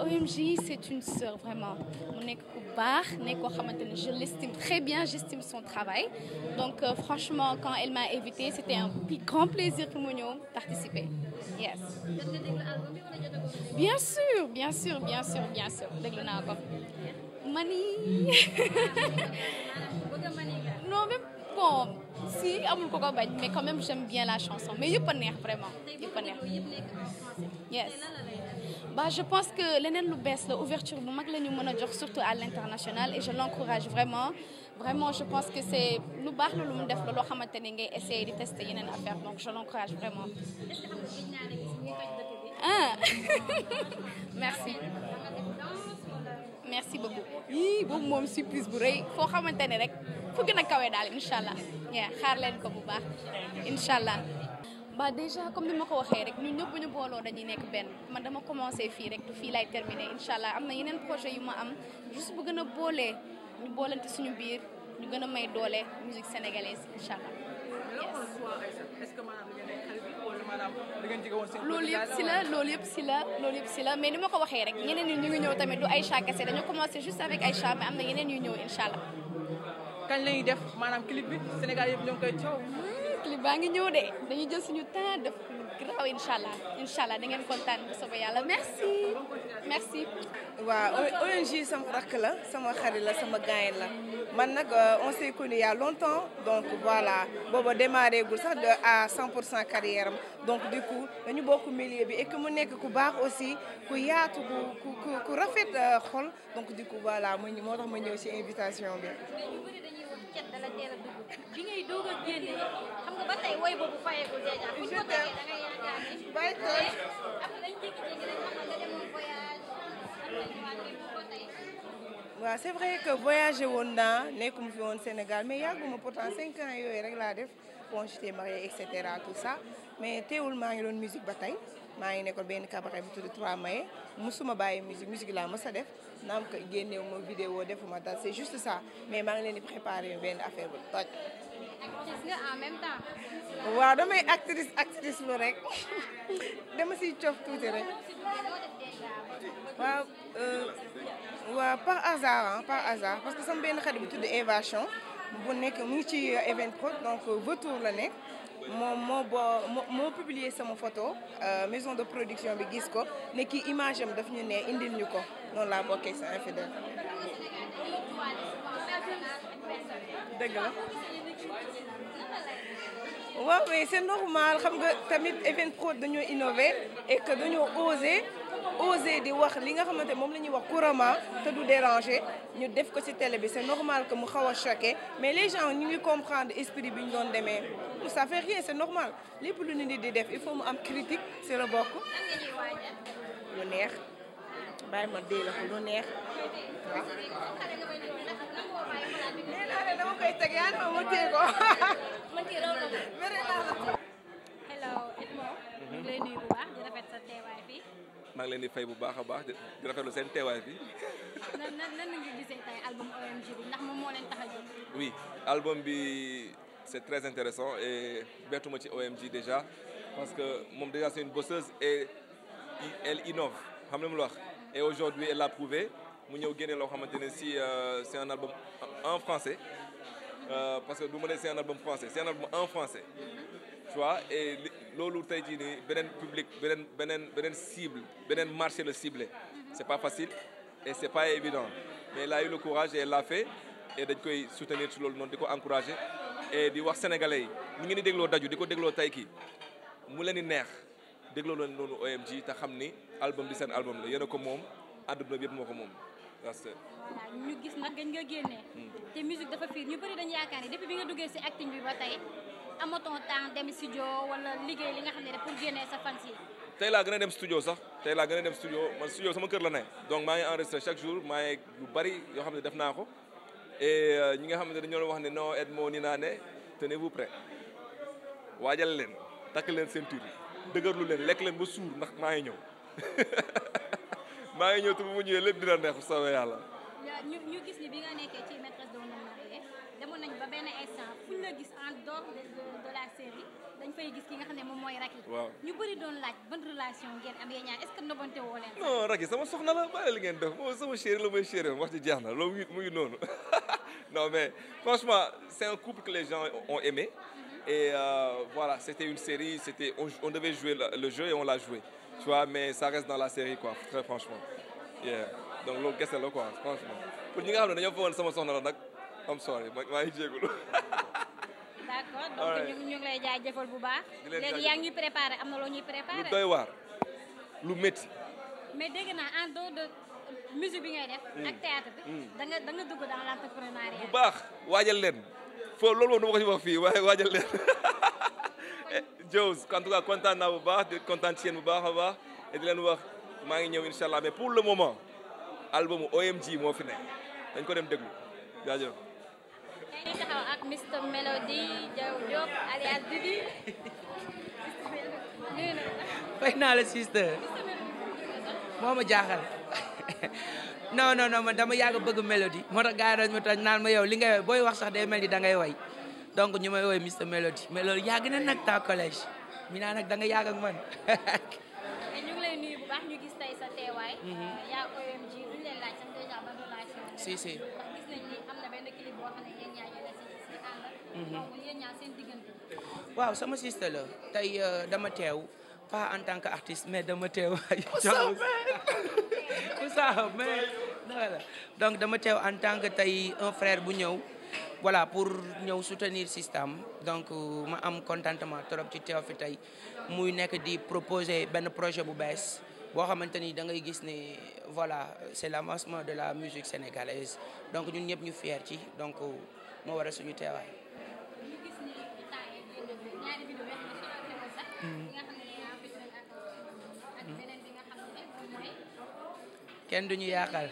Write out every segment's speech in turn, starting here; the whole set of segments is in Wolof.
waa OMG c'est une sœur vraiment mu nekk ku baax nekk koo xamante ne je l'estime très bien j'estime son travail donc euh, franchement quand elle m'a invité c'était un grand plaisir pour mu ñëw participer yes. bien sûr bien sûr bien sûr bien sûr déglu naa ko. mani non même bon si amul ko ko bañ mais quand même j'aime la chanson mais yëpp a neex vraiment yëpp a neex yes bah je pense que leneen lu bees la ouverture bu mag la ñu mën a jox surtout à l'international et je l'encourage vraiment vraiment je pense que c'est lu baax la lu mu def la loo xamante ne ngay essayer di tester yeneen affaire donc je l'encourage vraiment ah merci merci beaucoup yii boobu moom surprise bu rëy foo xamante ne rek fu gën a kawe daal incha allah xaar leen ko bu baax incha allah. waaw déjà comme ni ma ko waxee rek ñun ñëpp bu ñu booloo dañuy nekk benn man dama commencé fii rek fii lay terminé incha allah am na yeneen projet yu ma am juste bu gën a boolee ñu boolante suñu biir ñu gën a may doole musique sénégalaise incha allah. maanaam li ngeen jege woon seen loolu yëpp la loolu yëpp si ma ko waxee rek ñeneen ñi ñu ngi ñëw tamit du ay chat kese dañu commencé juste avec ay chat mais yeneen yu ñëw incha allah kañ lañuy def maanaam clip bi Sénégal yëpp ñoo ngi koy clip baa ngi ñëw de dañu jël suñu temps def lu graw incha allah incha ngeen kontaan bu soobee yàlla merci merci. waaw ONG sama rakk la sama xarit la sama gaay la man nag euh, on s'est connu il y longtemps donc voilà booba démarré gul sax de à 100 pour cent carrière donc du coup dañu bokk milieu bi et mu nekk ku baax aussi ku yaatu ku rafet euh, xol donc du coup voilà ma moo tax ma ñëw ci invitation bi. cet dala teel a dugg bi ngay doog a génne xam nga ba tey woy boobu fayagul déjà fu ñu ko tegee da ngay yaakaar ni bay tey am nañ jékki-jékki rek xam nga demoon voyage waaw c'est vrai que voyagé woon naa nekkuma fi woon Sénégal yàgguma pourtant cinq yooyu rek laa def bon j'étais et cetera tout ça mais teewul maa ngi doon musique ba maa ngi nekkoon benn cabaret bu tudd 3 mai musuma bàyyi musique musique laa mës a def naam ko génneew ma vidéo defuma dal c'est juste ça mais maa ngi leen di préparer benn affaire bu toj. actrice nga en même temps. waaw damay actrice actrice lu rek dama siy coof tuuti rek. waaw euh, par hasard par hasard parce que sama benn xarit bu tudd évasion bu nekk mu ngi ci euh, Evenprod donc euh, vautour la nekk moom moo boo moo publier sama photo euh, maison de production bi gis ko ne kii image am daf ñu ne indil ñu ko noonu laa bokkee sa infidèle dëgg la waaw mais c'est normal xam nga tamit Even Prod dañoo innover et que dañoo oser oser di wax li nga xamante moom la ñuy wax couramment te du déranger ñu def ko ci télé bi c'est normal que mu xaw a choqué mais les gens ñu ngi comprendre esprit bi ñu doon demee ça fait rien c'est normal lépp lu nit di def il faut mu am critique ci la bokk lu neex bàyyi ma dee la ko lu neex waaw. nee naa ne dama koy teg yaa ne ma ma téye ko. ma téye loolu la. mere naa la. hello Edmo. ñu ngi lay nuyu bu baax di rafet sa teewaay fii. maa ngi leen di fay bu baax a baax di rafetlu seen teewaay fii. nan nan nan nga gisee tey album OMG bi ndax moom moo leen tax a jóg. oui album bi c'est très intéressant et bettuma ci OMG déjà parce que moom déjà c'est une bosseuse et elle innove xam nga lu ma wax. et aujourd'hui elle l'a prouvé mu ñëw génne loo xamante ne si euh, c'est un album en français euh, parce que du ma ne c'est un album français c'est un album en français tu vois et loolu tey jii nii beneen public beneen beneen beneen cible beneen marché le ciblé c'est pas facile et c'est pas évident mais la a eu le courage et l'a fait et dañ koy soutenir ci loolu noonu di ko encourager di wax sénégalais yi ñu ngi ni dégloo daju di ko dégloo tey kii mu leen di neex dégloo leen noonu OMG te xam ni album bi seen album la yéen ko moom àdduna bi yëpp moo ko moom rasta voilà ñu gis nag gañ nga génnee hmm. te musique dafa fiir ñu bëri dañu yaakaar ni depuis bi nga duggee si acting bi ba tey amatoo temps studio wala liggéey li nga xam ne pour génnee sa fans yi tey laa gën a dem studio sax tey laa gën a dem studio man studio sama kër la ne donc maa ngi enregistré chaque jour maa ngi lu bëri yoo xam ne def naa ko et euh, ñi nga xam ne dañoo wax ne non Edmo ni naa ne tenez vous prêt waajal leen takk leen ceinture yi dëgërlu leen lekk leen ba suur ndax maa ngi ñëw maa ngi ñëw te bu mu ñëwee lépp dina neex bu soobee yàlla. ñu gis ni bi nga nekkee ci maîtresse d'un homme marié demoon nañ ba benn instant fu ñu la gis en dehors de la série dañ fay gis ki nga xam ne moom mooy Racky. ñu bëri doon laaj ban relation ngeen am yéen ñaar est-ce que nobante woo leen. non Racky sama soxna la bàyyi li ngeen def moom sama chéri la mooy chéri wax ji jeex na loo mu ngi noonu non mais e euh, voilà, c'était une série, c'était, on, on, devait le, le, jeu l'a joué. Tu vois, mais ça reste dans la série, quoi, très franchement. Yeah. Donc, loolu kese la quoi, franchement. Pour ñi nga xam ne dañoo foogoon sama soxna la nag, I'm sorry, maa ngi jégalu. D'accord, donc ñu ngi lay jaajëfal bu baax. Léegi yaa ngi préparé, am na loo ñuy préparé. Lu doy waar, lu métti. Mais dégg naa en dehors de musique bi ngay def. Mm. ak théâtre bi. Mm. da nga dans l'entrepreneuriat. bu baax waajal leen. foo loolu moom du ma ko ci wax fii waaye waajal leen eh, Jooz en tout cas bu baax di kontaan ci bu baax a baax et leen wax maa ngi ñëw incha allah mais pour le moment album OMG moo fi nekk dañ ko dem déglu jaajëf. ñu taxaw Melody Jaw Diop alias Didi. fay naa la sister moo ma jaaxal. non no non man dama yàgg bëgg mélodie moo tax gars yi naan ma yow li ngay woy booy wax sax day mel ni da ngay woy donc ñu may woy Mister Melody mais loolu yàgg na nag ta collège mi naa nag da nga yàgg man. ñu ngi sama sister la tey euh, dama teew pas en tant que artiste mais dama teew. tout ça donc dama teew en tant que tey un frère bu ñëw voilà pour ñëw soutenir système donc euh, ma am contentement trop ci teew fi tey muy nekk di proposer benn projet bu bees boo xamante ni da ngay gis ni voilà c'est l'avancement de la musique sénégalaise donc ñun ñëpp ñu fier ci donc euh, moo waral suñu teewaay kenn ñu yàqal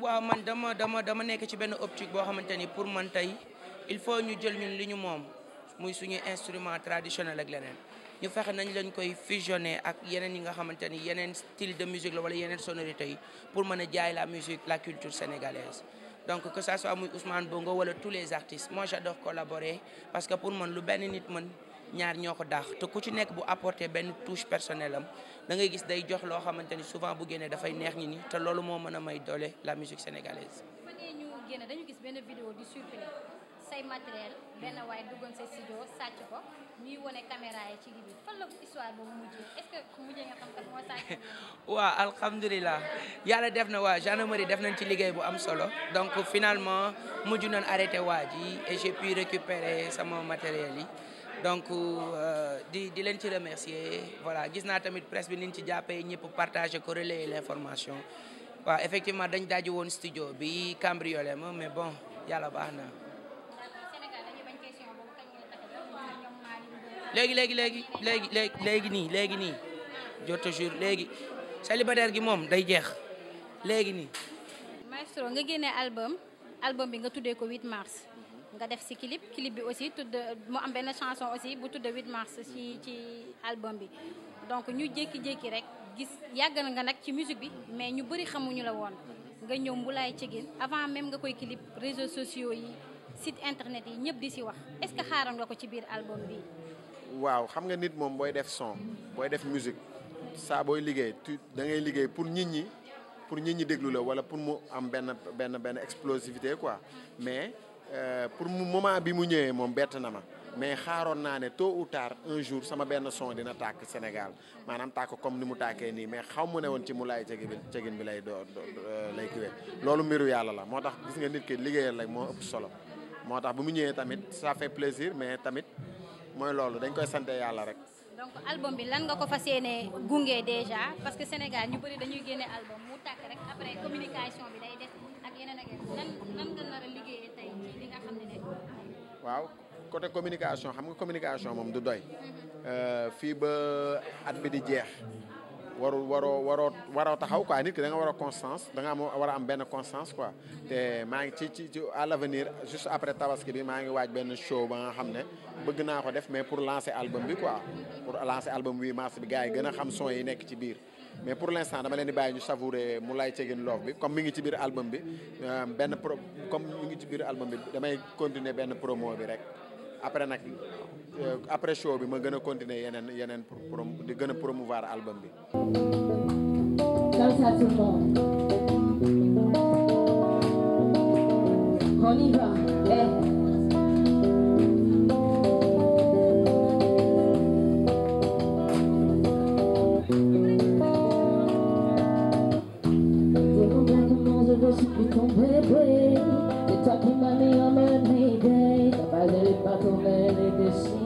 waaw man dama dama dama nekk ci benn optique boo xamante ni pour man tey il faut ñu jël ñun li ñu moom muy suñu instrument traditionnel ak leneen ñu fexe nañu lañ koy fusionner ak yeneen yi nga xamante ni yeneen style de musique la wala yeneen sonorités yi pour mën a jaay la musique la culture sénégalaise donc que ça soit muy Ousmane Bongo wala tous les artistes moi j'adore collaborer parce que pour man lu benn nit mën ñaar ñoo ko daax te ku ci nekk bu apporter benn touche personnelle am dangay ngay gis day jox loo xamante ni souvent bu génnee dafay neex ñi ni te loolu moo mën a may doole la musique sénégalaise. fa ngeen ñu génne dañu gis benn vidéo di circuler say matériel benn waaye duggoon sa studio sàcc ko ñuy wone caméra yi ci biir fan la histoire boobu mujjee est mujjee nga xam kan moo sàcc. waaw alhamdulilah yàlla def na waa gendarmerie def nañ ci liggéey bu am solo donc finalement mujj nañ arrêté waa ji et j'ai sama matériel yi. donc euh, di di leen ci remercier voilà gis naa tamit presque bi ni ñu ci jàppee ñëpp partager ko relayer l'information waaw effectivement dañ daji woon studio bi cambriolé ma mais bon yàlla baax na. léegi léegi léegi léegi léegi nii léegi nii jot a jour léegi célibataire gi moom day jeex léegi nii. maestro nga génne album album bi nga tuddee ko 8 mars. nga def si clip clip bi aussi tudd mu am benn chanson aussi bu tudd 8 mars ci album bi donc ñu jékki-jékki rek gis yàgg na nga nag ci musique bi mais ñu bëri xamuñu la woon nga ñëw Mboulayé Thieguène avant même nga koy clip réseaux sociaux yi site internet yi ñëpp di si wax est-ce xaaral nga ko ci biir album bi waaw xam nga nit moom booy def son booy def musique saa booy liggéey tu da ngay liggéey pour nit ñi pour nit ñi déglu la wala pour mu am benn benn benn explosivité quoi Euh, pour mu moment bi mu ñëwee moom bett na ma mais xaaroon naa ne tôt ou tard un jour sama benn son dina tàkk Sénégal maanaam tàkk comme ni mu tàkkee nii mais xaw mu ne woon ci mu laay cegin bi bi lay doo euh, lay loolu mbiru yàlla la moo tax gis nga nit ki liggéeyal la moo ëpp solo moo tax bu mu ñëwee tamit sa fait plaisir mais tamit mooy loolu dañ koy sante yàlla rek. donc album bi lan nga ko fas yéenee gunge déjà parce que Sénégal ñu bëri dañuy génne album mu waaw côté communication xam nga communication moom du doy. Euh, fii ba at bi di jeex warul waroo waroo waroo taxaw quoi nit ki da nga war a constance da nga am war a am benn constance quoi maa ngi ci ci ci à l'avenir juste après tabaski bi maa ngi waaj benn show ba nga xam ne bëgg naa ko def mais pour lancer album bi quoi pour lancer album 8 mars bi gars yi gën a xam son yi nekk ci biir mais pour l'instant dama leen di bàyyi ñu savourer mu lay cegin loof bi comme mi ngi ci biir album bi euh, benn pro comme mi ngi ci biir album bi damay continuer benn promo bi rek après nag euh, après show bi ma gën a continuer yeneen yeneen pour di gën a promouvoir album bi. On y va, eh. Tomber, tomber, tomber. I let it battle, let it destroy.